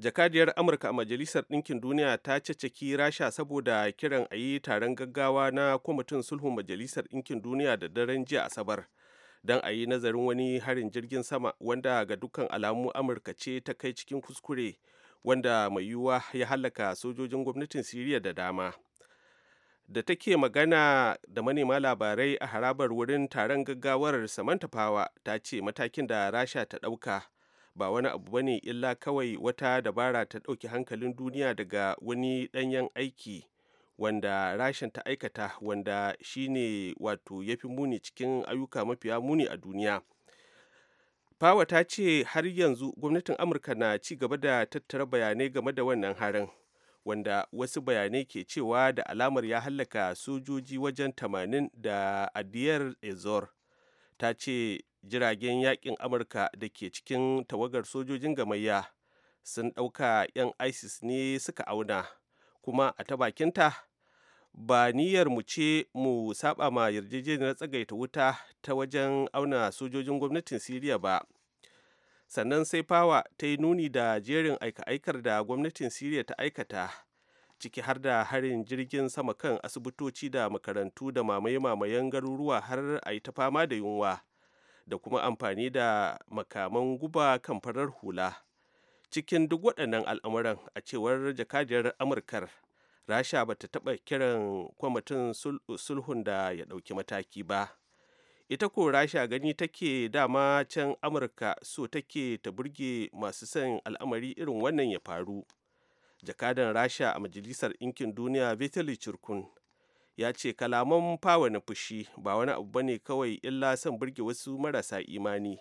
jakadiyar amurka a majalisar ɗinkin duniya ta caccaki rasha saboda kiran a yi taron gaggawa na kwamitin sulhun majalisar Dinkin duniya da daren jiya asabar don a yi nazarin wani harin jirgin sama wanda ga dukkan alamu amurka ce ta kai cikin kuskure wanda mai yiwuwa ya hallaka sojojin gwamnatin siriya da dama da take magana da manema labarai a harabar wurin taron gaggawar samantafawa ta ce matakin da rasha ta ɗauka ba wani abu bane illa kawai wata dabara ta ɗauki hankalin duniya daga wani ɗanyen aiki wanda rashin ta aikata wanda shine wato ya fi muni cikin ayyuka mafiya muni a duniya fawa ta ce har yanzu gwamnatin amurka na ci gaba da tattara bayanai game da wannan harin wanda wasu bayanai ke cewa da alamar ya hallaka sojoji wajen 80 da adiyar ezor ta ce jiragen yakin amurka da ke cikin tawagar sojojin gamayya sun ɗauka 'yan isis ne suka auna kuma a ta bakinta ba niyyar mu ce mu saba ma yarjejeniyar tsagaita wuta ta wajen auna sojojin gwamnatin siriya ba sannan sai fawa ta yi nuni da jerin aika-aikar da gwamnatin siriya ta aikata ciki har da harin jirgin sama kan asibitoci da makarantu da mamaye-mamayen garuruwa har a yi ta fama da yunwa da kuma amfani da makaman guba kan farar hula cikin duk waɗannan al'amuran a cewar jakadiyar amurkar rasha ba ta taɓa kiran kwamitin sulhun da ya ɗauki mataki ba ita ko rasha gani take dama can amurka so take ta burge masu son al'amari irin wannan ya faru jakadan rasha a majalisar ɗinkin duniya vitali cirkun ya ce kalaman fawa na fushi ba wani abu bane kawai illa son burge wasu marasa imani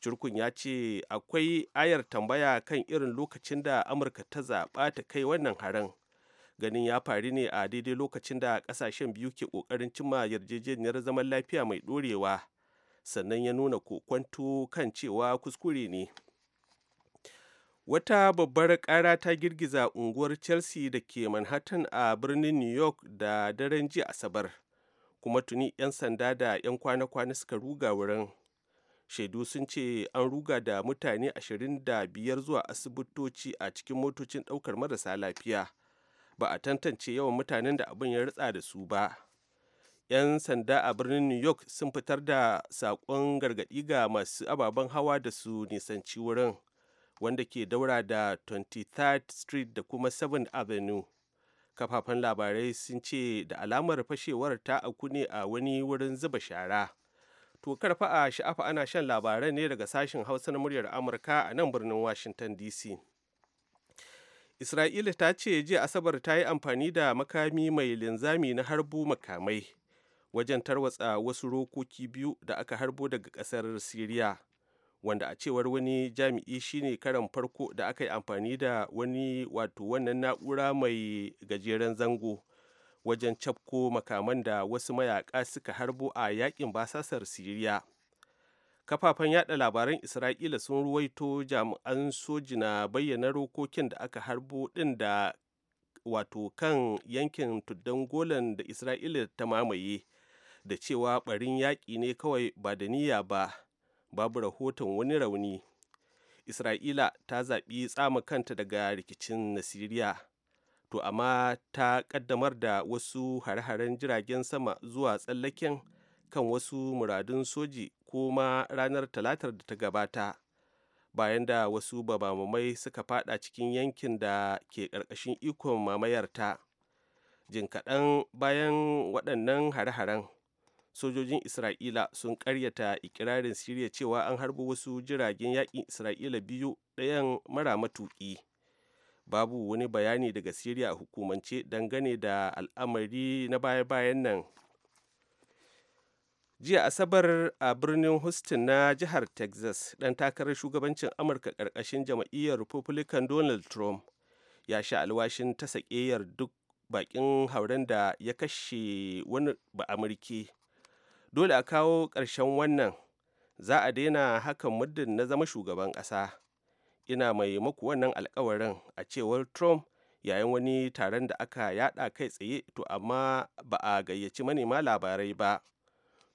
Jirkun ya ce akwai ayar tambaya kan irin lokacin da Amurka ta zaɓa ta kai wannan haran. Ganin ya faru ne a daidai lokacin da ƙasashen biyu ke ƙoƙarin cimma yarjejeniyar zaman lafiya mai ɗorewa, sannan ya nuna kokwanto kan cewa kuskure ne. wata babbar ƙara ta girgiza unguwar chelsea da ke manhattan a birnin new york da daren ji asabar kuma tuni 'yan sanda da 'yan kwana-kwana suka ruga wurin shaidu sun ce an ruga da mutane da biyar zuwa asibitoci a cikin motocin ɗaukar marasa lafiya ba a tantance yawan mutanen da abin ya ritsa da su ba 'yan sanda a birnin new york sun fitar da saƙon gargaɗi ga masu ababen hawa da su nisanci wurin wanda ke daura da 23rd street da kuma 7th avenue kafafen labarai sun ce da alamar fashewar ta auku ne a wani wurin zuba shara to karfa a sha'afa ana shan labaran ne daga sashen hausa na muryar amurka a nan birnin washington dc isra'ila ta ce jiya asabar ta yi amfani da makami mai linzami na harbu makamai wajen tarwatsa wasu rokoki biyu da aka harbo daga ƙasar siriya wanda a cewar wani jami'i shine karan farko da aka yi amfani da wani wato wannan na'ura mai gajeren zango wajen cafko makaman da wasu mayaka suka harbo a yakin basasar siriya kafafen yada labaran isra'ila sun ruwaito jami'an soji na bayyana rokokin da aka harbo din da wato kan yankin tuddan golan da isra'ila ta mamaye da cewa barin yaƙi ne kawai ba da niyya ba babu rahoton wani rauni isra'ila ta zaɓi tsama kanta daga rikicin Nasiriya, to amma ta ƙaddamar da wasu hare-haren jiragen sama zuwa tsallaken kan wasu muradun soji ko ma ranar talatar da ta gabata bayan da wasu babamamai suka fada cikin yankin da ke ƙarƙashin ikon mamayarta jin kaɗan bayan waɗannan hare-haren sojojin isra'ila sun karyata ikirarin siriya cewa an harbo wasu jiragen yakin isra'ila biyu ɗayan mara matuƙi babu wani bayani daga siriya a hukumance dangane da al'amari na baya-bayan nan jiya asabar a birnin houston na jihar texas ɗan takarar shugabancin amurka ƙarƙashin jam'iyyar republican donald trump ya sha alwashin ta sakeyar duk bakin hauren da ya kashe wani ba'amurki dole a kawo ƙarshen wannan za a daina hakan muddin na zama shugaban ƙasa ina mai maku wannan alkawarin a cewar trump yayin wani taron da aka yada kai tsaye to amma ba a gayyaci manema labarai ba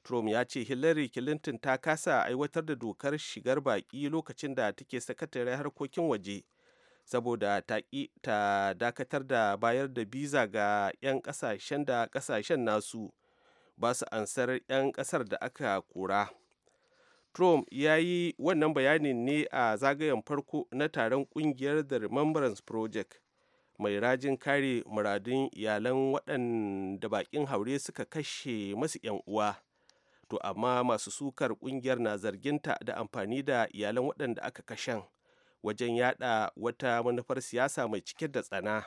trump ya ce hillary clinton ta kasa aiwatar da dokar shigar baki lokacin da take sakatare harkokin waje saboda ta ta dakatar da bayar da biza ga 'yan kasashen da kasashen nasu ba su ansar 'yan kasar da aka kora trump ya yi wannan bayanin ne a zagayen farko na taron ƙungiyar the remembrance project mai rajin kare muradun iyalan waɗanda bakin haure suka kashe masu 'yan uwa to amma masu sukar ƙungiyar na zarginta da amfani da iyalan waɗanda aka kashen wajen yada wata manufar siyasa mai cike da tsana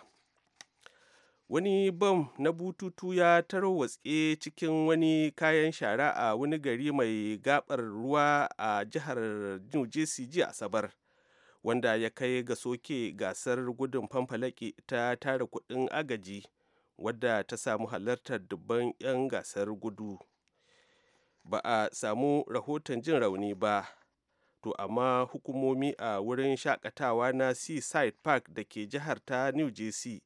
wani bam na bututu ya taro tarwatse cikin wani kayan shara a wani gari mai gabar ruwa a jihar new jersey jiya asabar wanda ya kai ga soke gasar gudun famfalaki ta tara kudin agaji wadda ta samu halartar dubban 'yan gasar gudu ba a samu rahoton jin rauni ba to amma hukumomi a wurin shakatawa na seaside park da ke jihar ta new jersey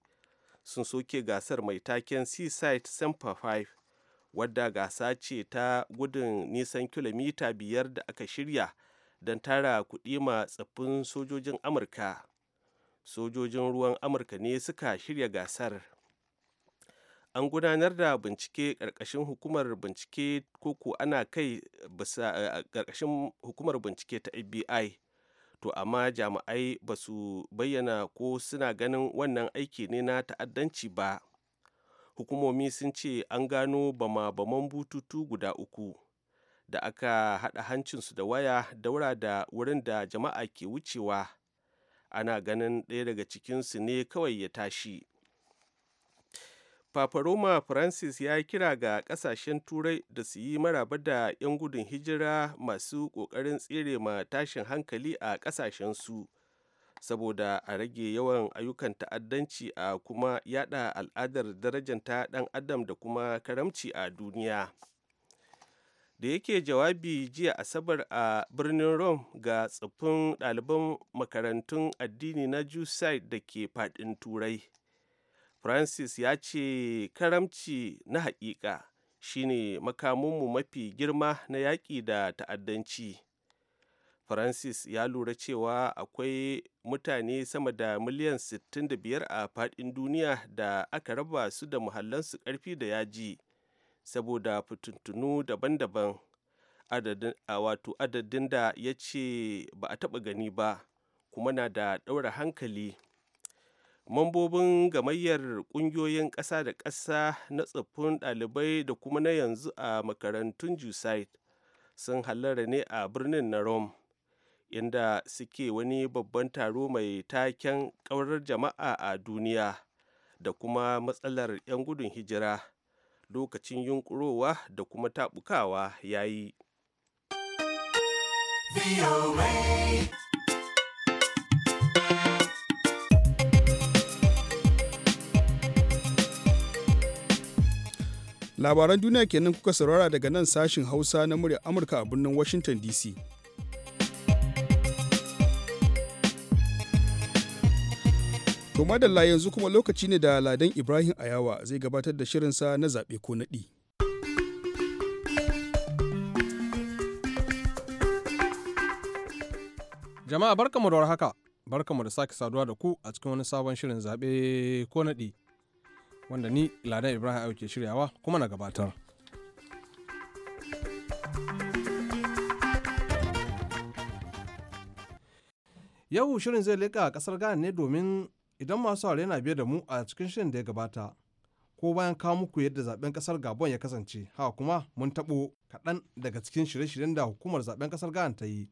sun soke gasar mai taken seaside semper 5 wadda gasa ce ta gudun nisan kilomita biyar da aka shirya don tara kuɗi ma tsaffin sojojin amurka sojojin ruwan amurka ne suka shirya gasar an gudanar da bincike karkashin hukumar bincike koko ana kai bisa eh, ƙarƙashin hukumar bincike ta fbi to amma jami'ai ba su bayyana ko suna ganin wannan aiki ne na ta'addanci ba hukumomi sun ce an gano bama-baman bututu guda uku da aka haɗa hancinsu da waya daura da wurin da jama'a ke wucewa ana ganin ɗaya daga cikinsu ne kawai ya tashi Papa Roma Francis ya kira ga ƙasashen Turai da su yi maraba da 'yan gudun hijira masu ƙoƙarin tsere ma tashin hankali a ƙasashensu. su. saboda a rage yawan ayyukan ta'addanci a kuma yada al'adar ta dan adam da kuma karamci a duniya da yake jawabi jiya asabar a birnin rome ga tsoffin ɗaliban makarantun addini na jusai da ke faɗin turai francis ya ce karamci na haƙiƙa shine makaminmu mafi girma na yaƙi da ta'addanci francis ya lura cewa akwai mutane sama da miliyan 65 a faɗin duniya da aka raba su da muhallansu ƙarfi da yaji saboda fitintunu daban-daban a wato adadin da ya ce ba a taɓa gani ba kuma na da ɗaura hankali mambobin gamayyar ƙungiyoyin ƙasa da ƙasa na tsoffin ɗalibai da kuma na yanzu a makarantun jusaid sun hallara ne a birnin na rome inda suke wani babban taro mai taken ƙaurar jama'a a duniya da kuma matsalar 'yan gudun hijira lokacin yunkurowa da kuma taɓukawa ya yi. labaran duniya kenan kuka saurara daga nan sashin hausa na murya amurka a birnin washington dc to madalla yanzu kuma lokaci ne da ladan ibrahim ayawa zai gabatar da shirinsa na zaɓe ko naɗi jama'a barkamu da warhaka barkamu da sake saduwa da ku a cikin wani sabon shirin zaɓe ko naɗi wanda ni Ladan Ibrahim Ayo ke shiryawa kuma na gabatar. Yau shirin zai leƙa ƙasar Ghana ne domin idan masu haure na biye da mu a cikin shirin da ya gabata. Ko bayan kawo muku yadda zaben ƙasar Gabon ya kasance, haka kuma mun taɓo kaɗan daga cikin shirye-shiryen da hukumar zaben ƙasar Ghana ta yi.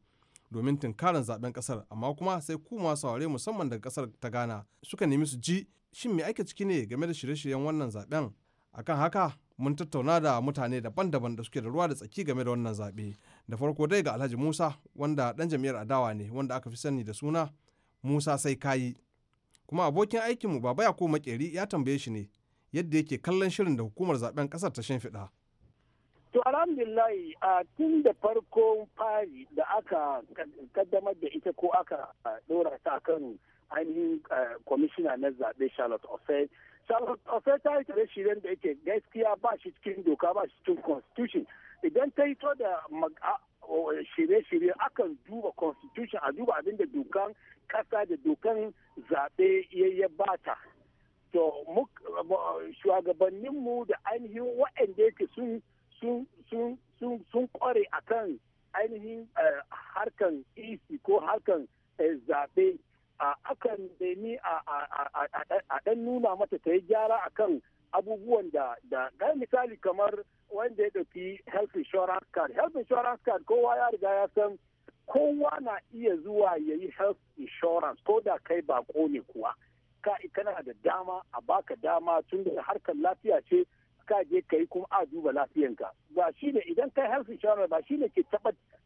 domin tunkarin zaben kasar amma kuma sai ku masu aure musamman daga kasar ta ghana suka nemi su ji shin me ake ciki ne game da shirye-shiryen wannan zaben akan haka mun tattauna da mutane daban-daban da suke da ruwa da tsaki game da wannan zaɓe da farko dai ga alhaji musa wanda dan jam'iyyar adawa ne wanda aka fi sani da suna musa sai kayi kuma abokin aikinmu baba yakubu makeri ya tambaye shi ne yadda yake kallon shirin da hukumar zaben ƙasar ta shimfiɗa. to alhamdulillahi a tun da farkon fari da aka kaddamar da ita ko aka ɗora ta kano. ainihin eh, kwamishina na zaɓe charlotte offer charlotte offer ta yi tare shirin da yake gaskiya ba shi cikin doka ba shi cikin constitution idan ta yi to da shirye-shirye akan duba constitution a duba abin da dokan kasa da dokan zaɓe ba bata to shugabanninmu da ainihin waɗanda yake sun kware akan ainihin eh, harkan isi e ko harkan eh, zaɓe a akan nemi a dan nuna mata ta yi gyara akan abubuwan da da misali kamar wanda ya dafi health insurance card health insurance card kowa ya riga ya san kowa na iya zuwa ya yi health insurance ko da kai bako ne kuwa ka kana da dama a baka dama tun da harkar lafiya ce ka je ka yi kuma a duba lafiyanka ba shi ne idan kai health insurance ba shi ne ke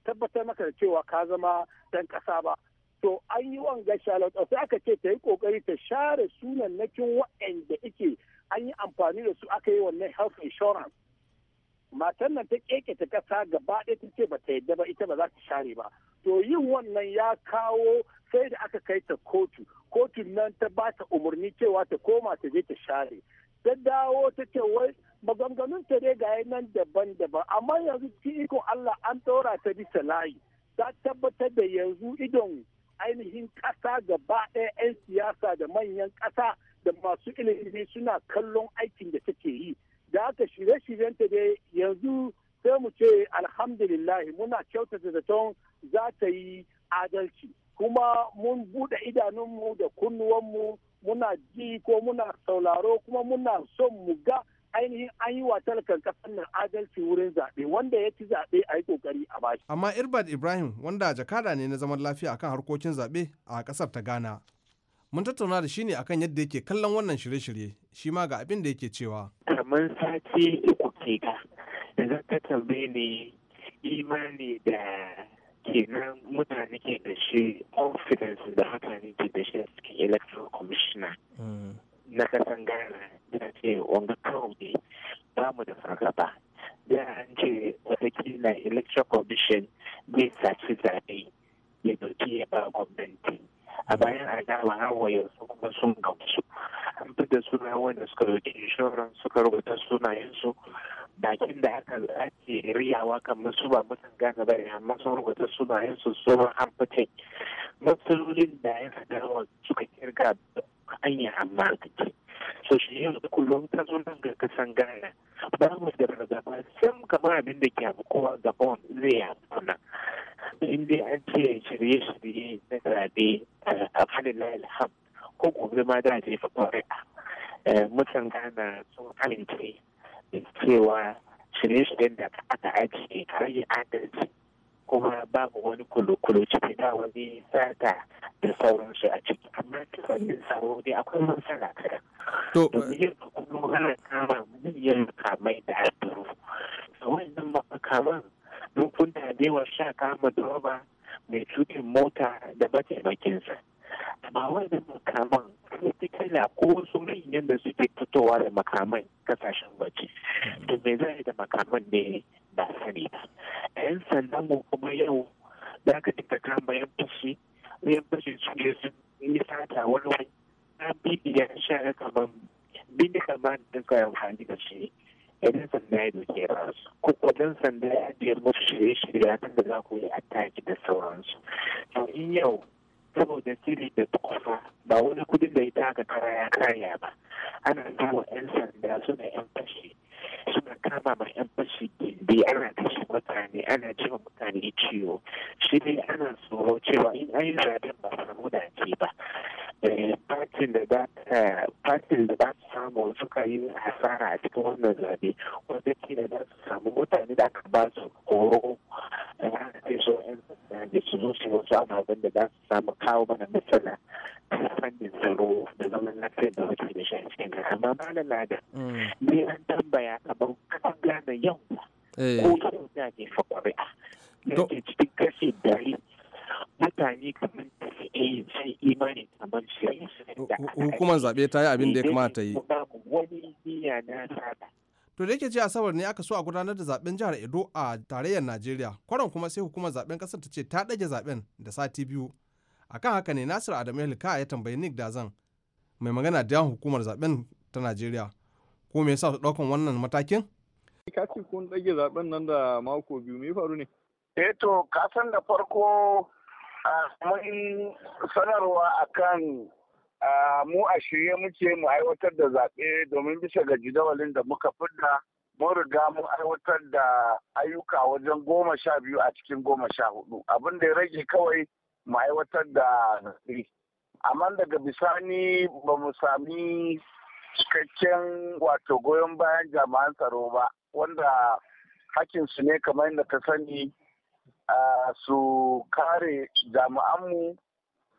tabbatar maka da cewa ka zama dan kasa ba to an yi wanga lauta sai aka ce ta yi kokari ta share sunan na kin waɗanda ike an yi amfani da su aka yi wannan health insurance matan nan ta keke ta kasa gaba ɗaya ta ce ba ta yadda ba ita ba za ta share ba to yin wannan ya kawo sai da aka kai ta kotu kotun nan ta ba ta umarni cewa ta koma ta je ta share ta dawo ta ce wai maganganun ta dai ga nan daban-daban amma yanzu cikin ikon Allah an ɗora ta bisa layi ta tabbatar da yanzu idon ainihin ƙasa gaba ɗaya 'yan siyasa da manyan ƙasa da masu ilimi suna kallon aikin da take yi da aka shirye-shiryenta dai yanzu sai mu ce alhamdulillahi muna kyautata zaton za ta yi adalci kuma mun buɗe idanunmu da kunnuwanmu muna ji ko muna sauraro kuma muna son mu ga ainihin an yi wa talakan kasar nan adalci wurin zaɓe wanda ya ci zaɓe a yi ƙoƙari a bashi. Amma Irbad Ibrahim wanda jakada ne na zaman lafiya akan harkokin zaɓe a ƙasar ta Ghana. Mun tattauna da shi ne akan yadda yake kallon wannan shirye-shirye shi ma ga abin da yake cewa. Kamar sati uku ke ga da ka tambaye ne imani da kenan mutane ke da shi confidence da haka ne ke da shi a cikin electoral commissioner. Mm. na kasan ghana da ce wanga kawai ba mu da fargaba da an ce watakila electoral commission zai saci zaɓe ya doki ya ba gwamnati a bayan adawa hawa yanzu kuma sun gamsu an fi da suna wanda suka dauki insurance suka rubuta sunayensu bakin da aka ake riyawa kan masu ba mutan gane ba amma sun rubuta sunayensu sun an Masu matsalolin da ya adawa suka kirga anya amma take so shi yau da kullum ta zo nan ga kasan Ghana ba mu da rarraba sam kamar abin da ke abu kowa Gabon zai ya nan in dai an ce shirye-shirye na zaɓe a fadin alham ko gobe ma da jefa ƙwari'a mutan Ghana sun amince cewa shirye-shiryen da aka ajiye a rage adalci kuma babu wani kulu-kulu ciki da wani sata da sauransu a ciki amma ta yin tsaro dai akwai matsala kada to yin kuma hana kama miliyan makamai da haɗuru da wannan makaman rukuna da yawa sha kama da roba mai cutin mota da mataimakinsa amma wannan makaman kala ko wasu manyan da suke fitowa da makaman kasashen waje to me zai da makaman ne ba sani ba yan sandan mu kuma yau da ka ta kama yan fashi bayan fashi su ne sun yi sata wani wani na ya sha kamar bindi kamar da ka yi amfani da shi idan sanda ya doke ba. ko dan sanda ya biya musu shirye-shirye ta da za ku yi attaki da sauransu to in yau saboda siri da tukufa ba wani kudin da ita aka kara ya karya ba ana sawa 'yan sanda suna 'yan fashi suna kama ma 'yan fashi gindi ana kashe mutane ana jiwa mutane ciwo shi dai ana tsoro cewa in an yi zaben ba samu ba eh, fatin da za su samu suka yi hasara a cikin wannan zabe wanda ke da za su samu mutane da aka ba su horo ana ce so 'yan sanda da su zo su wasu ababen da za su samu kawo mana matsala ta fannin tsaro sai da wata da shi cikin ka amma ba da lada mm. ni an tambaya kamar ka gane yau eh. ko ta da ke fa ƙwari'a da ke cikin kashe dari mutane kamar da su yin sai imani kamar su yi hukumar zaɓe ta yi abin da ya kamata yi wani na to da yake ce asabar ne aka so a gudanar da zaben jihar edo a tarayyar najeriya kwaron kuma sai hukumar zaben kasar ta ce ta ɗage zaben da sati biyu akan haka ne nasir adamu ya tambayi nick dazan mai magana da yawan hukumar zaben ta najeriya ko me yasa daukan wannan matakin ka ce kun dage zaben nan da mako biyu me faru ne eh to ka san da farko mai sanarwa akan mu a shirye muke mu aiwatar da zaɓe domin bisa ga jidawalin da muka fidda mun riga mu aiwatar da ayyuka wajen goma sha biyu a cikin goma sha hudu abin da ya rage kawai mu aiwatar da zaɓe amma daga bisani ba mu sami cikakken wato goyon bayan jami'an tsaro ba wanda su ne kamar yadda ka sani su kare jami'anmu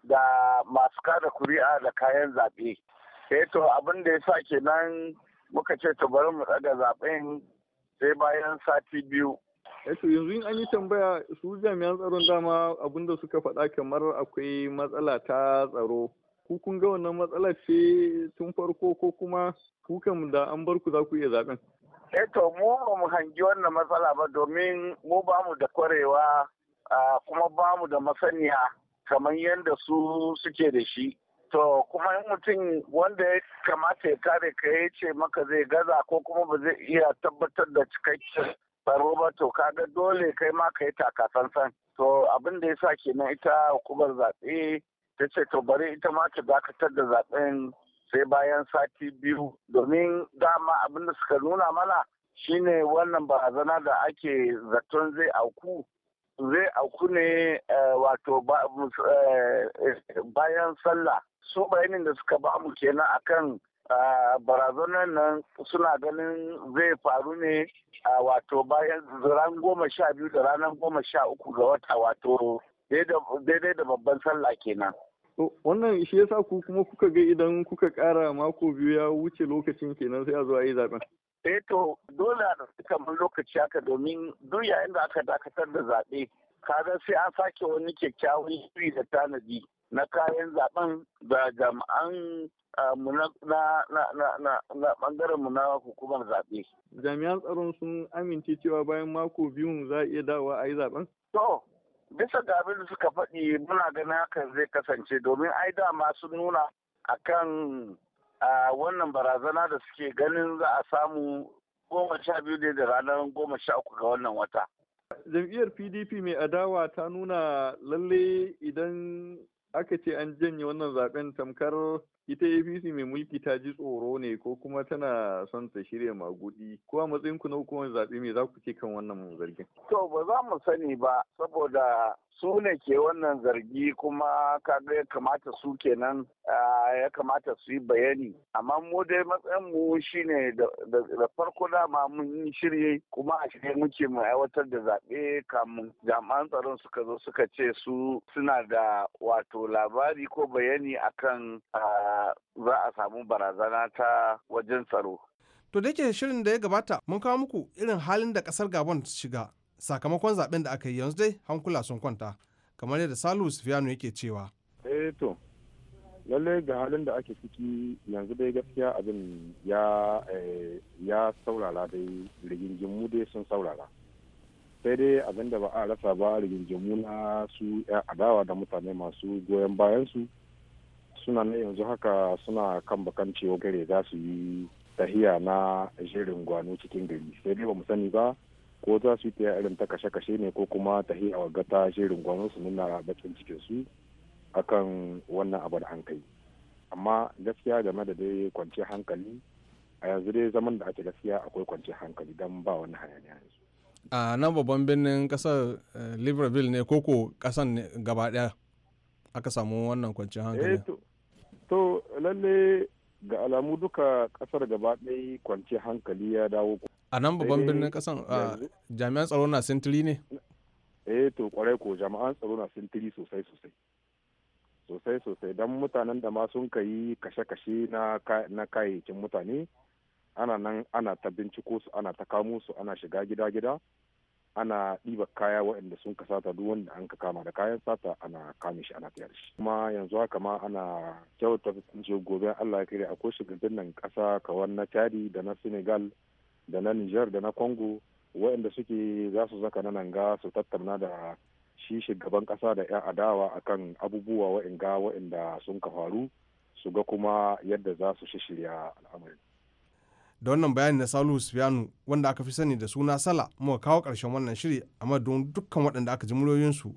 da masu kada kuri'a da kayan zaɓe. sai eh to abin da ya sa kenan muka ce to bari mu ɗaga zaɓen sai bayan sati biyu Eh, to yanzu in an yi tambaya su jami'an tsaron dama abinda suka faɗa kamar akwai matsala ta tsaro ku kun ga wannan matsala ce tun farko ko kuma kukan da an bar ku za ku iya zaben e eh, to mu ba mu hangi wannan matsala ba domin mu ba mu da kwarewa kuma ba mu da masaniya kamar yadda su suke da shi to kuma yin mutum wanda ya kamata ya kare ka ya ce maka zai gaza ko kuma ba zai iya tabbatar da cikakken san roberto kaga dole kai ma ka yi takasansan to abin da ya sa kenan ita hukumar zaɓe ta ce to bari ita ma ta dakatar da zaɓen sai bayan sati biyu domin dama abin da suka nuna mana shine wannan barazana da ake zaton zai auku zai auku ne eh, wato eh, bayan sallah su bayanin da suka ba mu kenan akan barazanar nan suna ganin zai faru ne a wato bayan ran goma sha biyu da ranar goma sha uku ga wata wato daidai da babban sallah kenan. wannan shi yasa ku kuma kuka ga idan kuka kara mako biyu ya wuce lokacin kenan sai a zuwa yi zaben. E, eh to dole a kamar lokaci haka domin duk yayin da aka dakatar da zaɓe kaga sai an sake wani kyakkyawan shiri da tanadi na kayan zaben ga jami'an mu na bangaren mu na hukumar zaɓe. Jami'an tsaron sun amince cewa bayan mako biyun za a iya dawowa a yi zaɓen? To, bisa ga abin da suka faɗi muna ganin hakan zai kasance domin ai dama sun nuna akan wannan barazana da suke ganin za a samu goma sha biyu ne da ranar goma sha uku ga wannan wata. Jam'iyyar PDP mai adawa ta nuna lalle idan aka ce an janye wannan zaben tamkar ita apc mai mulki ta ji tsoro ne ko kuma tana son ta shirya magudi ko a matsayin ku na hukumar zaɓe me za ku ce kan wannan zargin to ba za mu sani ba saboda su ne ke wannan zargi kuma kaga ya kamata su kenan ah, ya kamata su yi bayani amma mu dai matsayin mu shine da farko dama mun yi shirye kuma a shirye muke mu aiwatar da zaɓe kamun jami'an tsaron suka zo suka ce su suna da wato labari ko bayani akan za a samu barazana ta wajen tsaro. To da yake shirin da ya gabata mun kawo muku irin halin da ƙasar Gabon shiga sakamakon zaɓen da aka yi yanzu dai hankula sun kwanta kamar yadda Salu fiano yake cewa. Eh to lallai ga halin da ake ciki yanzu dai gaskiya abin ya eh, saurara dai mu dai sun saurara sai dai abin da ba a rasa ba mu na su ya adawa da mutane masu goyon bayan su suna na yanzu haka suna kan bakan cewa gare za su yi tahiya na jirin gwano cikin gari sai dai ba mu sani ba ko za su yi ta irin ta kashe-kashe ne ko kuma tahiya wa gata jirin gwano su nuna bakin cikin su akan wannan abu da an kai amma gaskiya game da dai kwanci hankali a yanzu dai zaman da ake gaskiya akwai kwanci hankali don ba wani hayaniya yanzu a nan babban birnin kasar eh, libreville ne koko kasan gaba daya aka samu wannan kwanci hankali eh, to lalle ga alamu duka kasar gaba daya kwanci hankali ya dawo a nan babban birnin kasan jami'an tsaro na sintiri ne eh to kwarai ko jami'an tsaro na sintiri sosai sosai sosai sosai don mutanen da ma sun ka yi kashe-kashe na kayayyakin mutane ana nan ana ta binciko su ana ta kamo su ana shiga gida-gida ana ɗiba kaya waɗanda sun ka sata duk wanda an ka kama da kayan sata ana kame shi ana tayar shi kuma yanzu haka ma ana kyauta je gobe Allah ya kare akwai nan ƙasa kawar na Chadi da na Senegal da na Niger da na Congo waɗanda suke za su zaka na nan ga su tattauna da shi shugaban kasa da 'yan adawa akan abubuwa wa'inga wa'inda sun ka faru su ga kuma yadda za su shirya al'amarin. da wannan bayani na salu sufiyanu wanda aka fi sani da suna sala muka kawo ƙarshen wannan shiri a madadin dukkan waɗanda aka ji muryoyinsu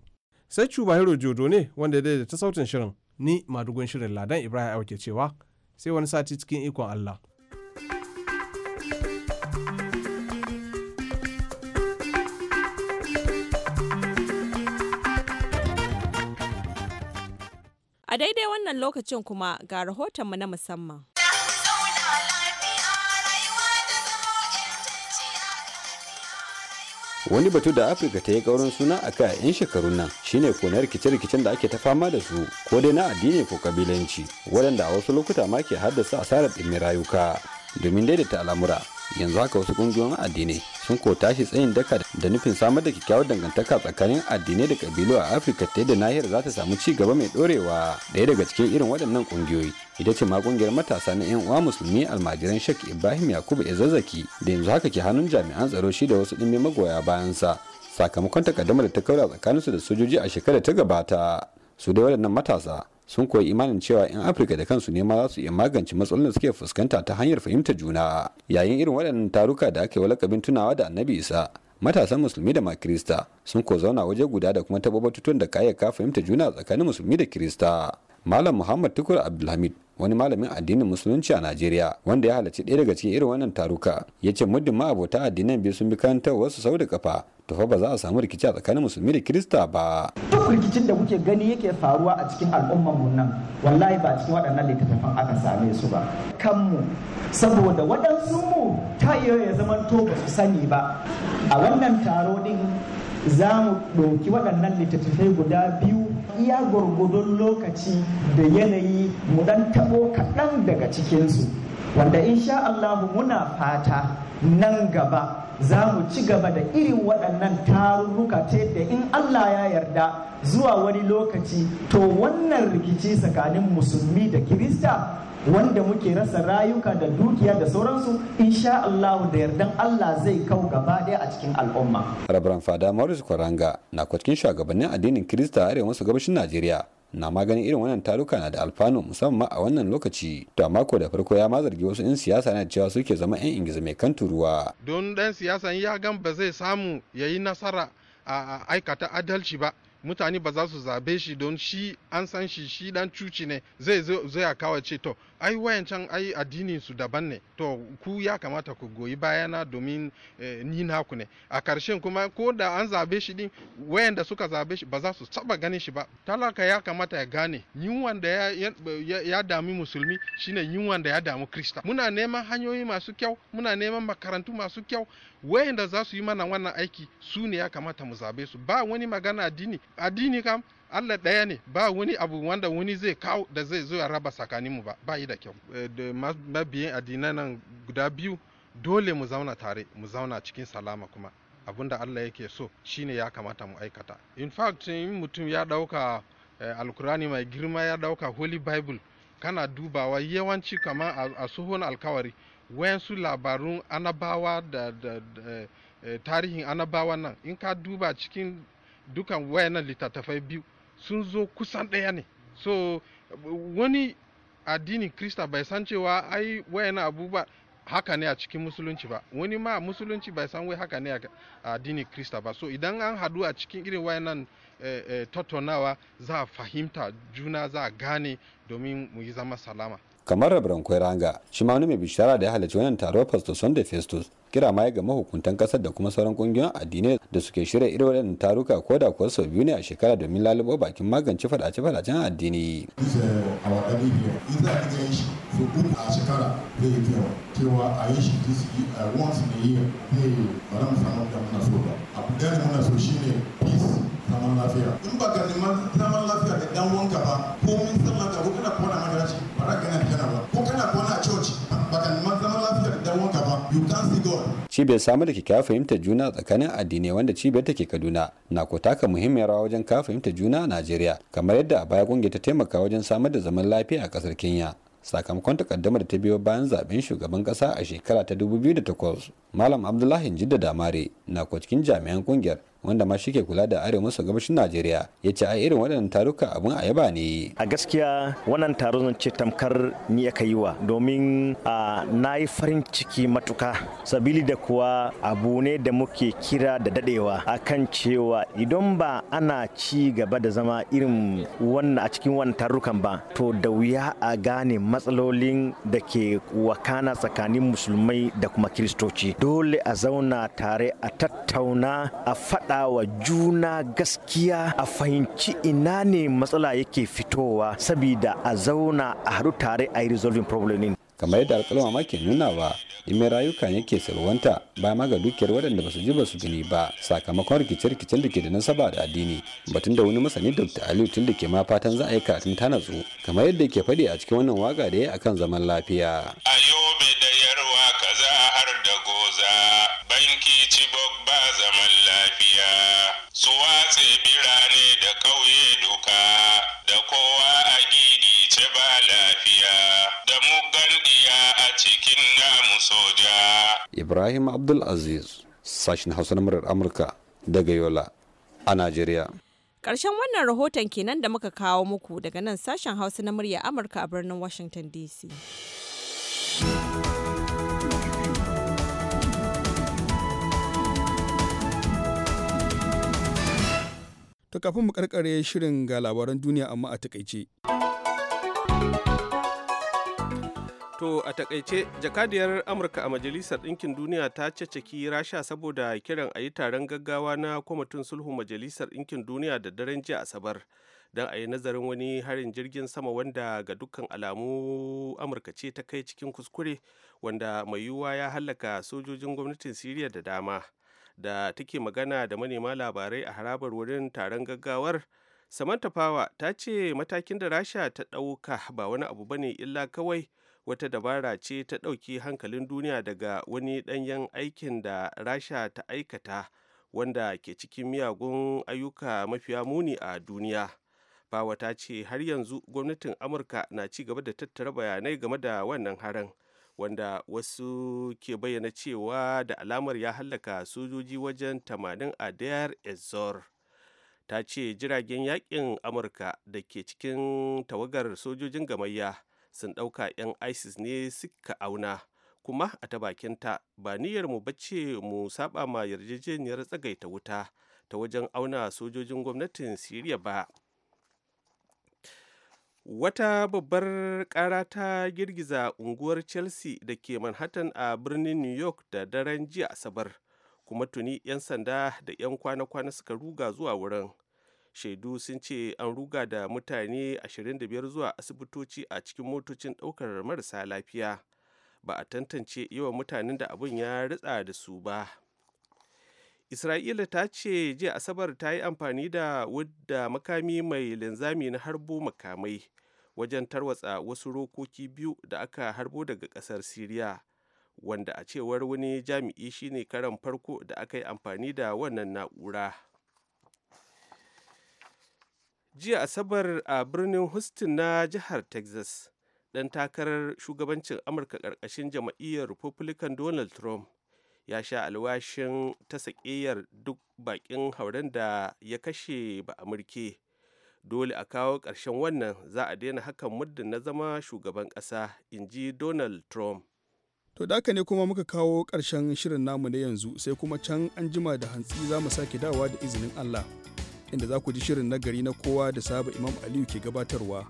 sai cuba hero jodo ne wanda ya daidaita sautin shirin ni madugun shirin ladan ibrahim ke cewa sai wani sati cikin ikon allah daidai wannan lokacin kuma ga rahotonmu na musamman. wani batu da afirka ta yi kaurin suna a kai a yan shekarun nan shine ko na rikice-rikicen da ake ta fama da su ko dai na addini ko kabilanci waɗanda a wasu lokuta ma ke haddasa asarar ɗimin rayuka domin daidaita al'amura yanzu haka wasu kungiyoyin addinai sun ko tashi tsayin daka da nufin samar da kyakkyawar dangantaka tsakanin addinai da kabilu a afirka ta yadda nahiyar za ta samu ci gaba mai dorewa daya daga cikin irin waɗannan kungiyoyi ita ce ma kungiyar matasa na yan uwa musulmi almajiran shek ibrahim yakubu zazzaki. da yanzu haka ke hannun jami'an tsaro shi da wasu ɗimbi magoya bayan sa. sakamakon takaddamar da ta kaura tsakaninsu da sojoji a shekarar ta gabata su dai waɗannan matasa sun koyi imanin cewa 'yan afirka da kansu ne ma za su iya magance matsalolin da suke fuskanta ta hanyar fahimtar juna yayin irin waɗannan taruka da aka yi lakabin tunawa da annabi isa matasan musulmi da ma'kirista sun ko zauna waje guda da kuma taɓa batutuwan da kayayyaka fahimta juna tsakanin musulmi da kirista malam muhammad tukur abdulhamid wani malamin addinin musulunci a najeriya wanda ya halarci ɗaya daga cikin irin wannan taruka ya ce muddin ma abota addinan biyu sun bi kanta wasu sau da kafa to fa ba za a samu rikici a tsakanin musulmi da kirista ba duk rikicin da kuke gani yake faruwa a cikin al'umman mu nan wallahi ba cikin waɗannan littattafan aka same su ba kanmu saboda waɗansu mu ta iya ya zamanto ba su sani ba a wannan taro din za mu ɗauki waɗannan littattafai guda biyu iya gurgudun lokaci da yanayi mu dan tabo kaɗan daga cikinsu wanda insha Allah muna fata nan gaba za mu ci gaba da irin waɗannan tarurruka ta yadda in Allah ya yarda zuwa wani lokaci to wannan rikici tsakanin musulmi da kirista wanda muke rasa rayuka da dukiya da sauransu insha Allah da yardan Allah zai kau gaba ɗaya a cikin al'umma. Rabran Fada Maurice Kwaranga na kwatkin shugabannin addinin Kirista arewa maso gabashin Najeriya na maganin irin wannan taruka na da alfanu musamman a wannan lokaci to mako da farko ya ma zargi wasu in siyasa na cewa suke zama yan ingiza mai kan turuwa don dan siyasa ya gan ba zai samu ya yi nasara a aikata adalci ba mutane ba za su zabe shi don shi an san shi shi dan cuci ne zai zo ya kawo ce to ai wayancan ai addinin su daban ne to ku ya kamata ku goyi bayana domin eh, ni naku ne a karshen kuma ko da an zabe shi din wayanda suka zabe shi ba za su taba ganin shi ba talaka ya kamata ya gane yin wanda ya, dami musulmi shine yin wanda ya damu krista muna neman hanyoyi masu kyau muna neman makarantu masu kyau da za su yi mana wannan aiki su ne ya kamata mu zabe su ba wani magana addini addini kam Allah ɗaya ne ba wani abu wanda wani zai kawo da zai zo ya raba tsakaninmu ba ba yi da kyau eh, da mabiyan addinan nan guda biyu dole mu zauna tare mu zauna cikin salama kuma abinda Allah yake so shine ya kamata mu aikata in fact in mutum ya dauka eh, alkurani mai girma ya dauka holy bible kana dubawa yawanci kamar a suhun alkawari wayansu labarun anabawa da, eh, tarihin anabawa nan in ka duba cikin dukan wayannan littattafai biyu sun zo kusan ɗaya ne so wani addinin krista bai san cewa ai wayana abubuwa haka ne a cikin musulunci ba wani ma musulunci bai san wai haka ne a addinin krista ba so idan an haɗu a cikin irin wayannan eh, eh, tattaunawa za a fahimta juna za a gane domin mu yi zama salama kamar rabarankwai ranga shi ma wani mai bishara da ya halarci wannan taro pastor sunday festus kira ma ga mahukuntan kasar da kuma sauran kungiyoyin addinai da suke shirya irin waɗannan taruka ko da kuwa sau biyu ne a shekara domin lalubo bakin magance fadace-fadacen addini. so zai a in ba ka neman zaman lafiya da dan wanka ba zaman cibiyar samar da kyakkyawar fahimtar juna tsakanin addinai wanda cibiyar take kaduna na ko taka muhimmiyar rawa wajen kawo fahimtar juna a najeriya kamar yadda a baya kungiyar ta taimaka wajen samar da zaman lafiya a kasar kenya sakamakon takaddamar da ta biyo bayan zaben shugaban kasa a shekara ta 2008 malam abdullahi jidda damare na ko cikin jami'an kungiyar wanda ma shike kula da arewa maso gabashin najeriya ya ce a irin waɗannan taruka abun a yaba ne a gaskiya wannan taro zan ce tamkar ni aka yi wa domin a na yi farin ciki matuka sabili da kuwa abu ne da muke kira da dadewa akan cewa idan ba ana ci gaba da zama irin wannan a cikin wannan tarukan ba to da wuya a gane matsalolin da ke wakana tsakanin musulmai da kuma kiristoci dole a zauna tare a tattauna a faɗa wa juna gaskiya a fahimci ina ne matsala yake fitowa sabida a zauna a haɗu tare a yi resolving problem kamar yadda ma ke nuna ba ime rayuka ke salwanta ba ma ga dukiyar waɗanda ba su ji ba su gani ba sakamakon rikice-rikicen da ke da nasaba da addini batun da wani masani dr aliyu tun da ke ma fatan za a yi karatun tana kamar yadda ke faɗi a cikin wannan waka da ya akan zaman lafiya. a yau mai soja. Ibrahim Abdulaziz, sashen Hausa na murar Amurka daga Yola a Najeriya. Ƙarshen wannan rahoton kenan da muka kawo muku daga nan sashen Hausa na murya Amurka a birnin Washington DC. To kafin mu karkare shirin ga labaran duniya amma a takaice. To a takaice jakadiyar Amurka a Majalisar Ɗinkin Duniya ta caccaki Rasha saboda kiran a yi taron gaggawa na kwamitin sulhu Majalisar Ɗinkin Duniya da daren jiya Asabar don a yi nazarin wani harin jirgin sama wanda ga dukkan alamu Amurka ce ta kai cikin kuskure wanda mai yiwuwa ya hallaka sojojin gwamnatin Siriya da dama da take magana da manema labarai a harabar wurin taron gaggawar. Samantha Power ta ce matakin da Rasha ta ɗauka ba wani abu bane illa kawai wata dabara ce ta ɗauki hankalin duniya daga wani ɗanyen aikin da rasha ta aikata wanda ke cikin miyagun ayyuka mafiya muni a duniya bawa ta ce har yanzu gwamnatin amurka na ci gaba da tattara bayanai game da wannan harin wanda wasu ke bayyana cewa da alamar ya hallaka sojoji wajen tamanin a dayar ezor ta ce jiragen yakin amurka da ke cikin tawagar sojojin gamayya sun ɗauka 'yan isis ne suka auna kuma a ta bakinta ba niyyar niyyarmu bace mu saba ma yarjejeniyar tsagaita wuta ta wajen auna sojojin gwamnatin siriya ba wata babbar kara ta girgiza unguwar chelsea da ke manhattan a birnin new york da daren jiya asabar kuma tuni 'yan sanda da 'yan kwana-kwana suka ruga zuwa wurin shaidu sun ce an ruga da mutane 25 zuwa asibitoci a cikin motocin ɗaukar marasa lafiya ba a tantance yawan mutanen da abin ya ritsa da su ba isra'ila ta ce jiya asabar ta yi amfani da wadda makami mai linzami na harbo makamai wajen tarwatsa wasu rokoki biyu da aka harbo daga ƙasar siriya wanda a cewar wani jami'i shine karan farko da aka yi amfani da wannan na'ura. jiya asabar a birnin houston na jihar texas ɗan takarar shugabancin amurka ƙarƙashin jam'iyyar republican donald trump ya sha alwashin ta sakiyar duk bakin hauren da ya kashe ba mulki dole a kawo ƙarshen wannan za a daina hakan muddin na zama shugaban ƙasa in ji donald trump to da ne kuma muka kawo ƙarshen shirin namu na yanzu sai kuma can an jima da hantsi za mu sake dawa da izinin allah inda za ku ji shirin nagari na kowa da saba Imam Aliyu ke gabatarwa.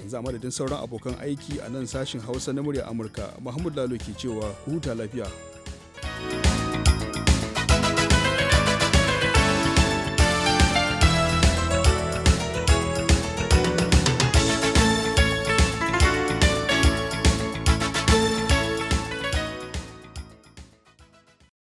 Yanzu a madadin sauran abokan aiki a nan sashin Hausa na murya Amurka, Mahmud Lalo ke cewa ku huta lafiya.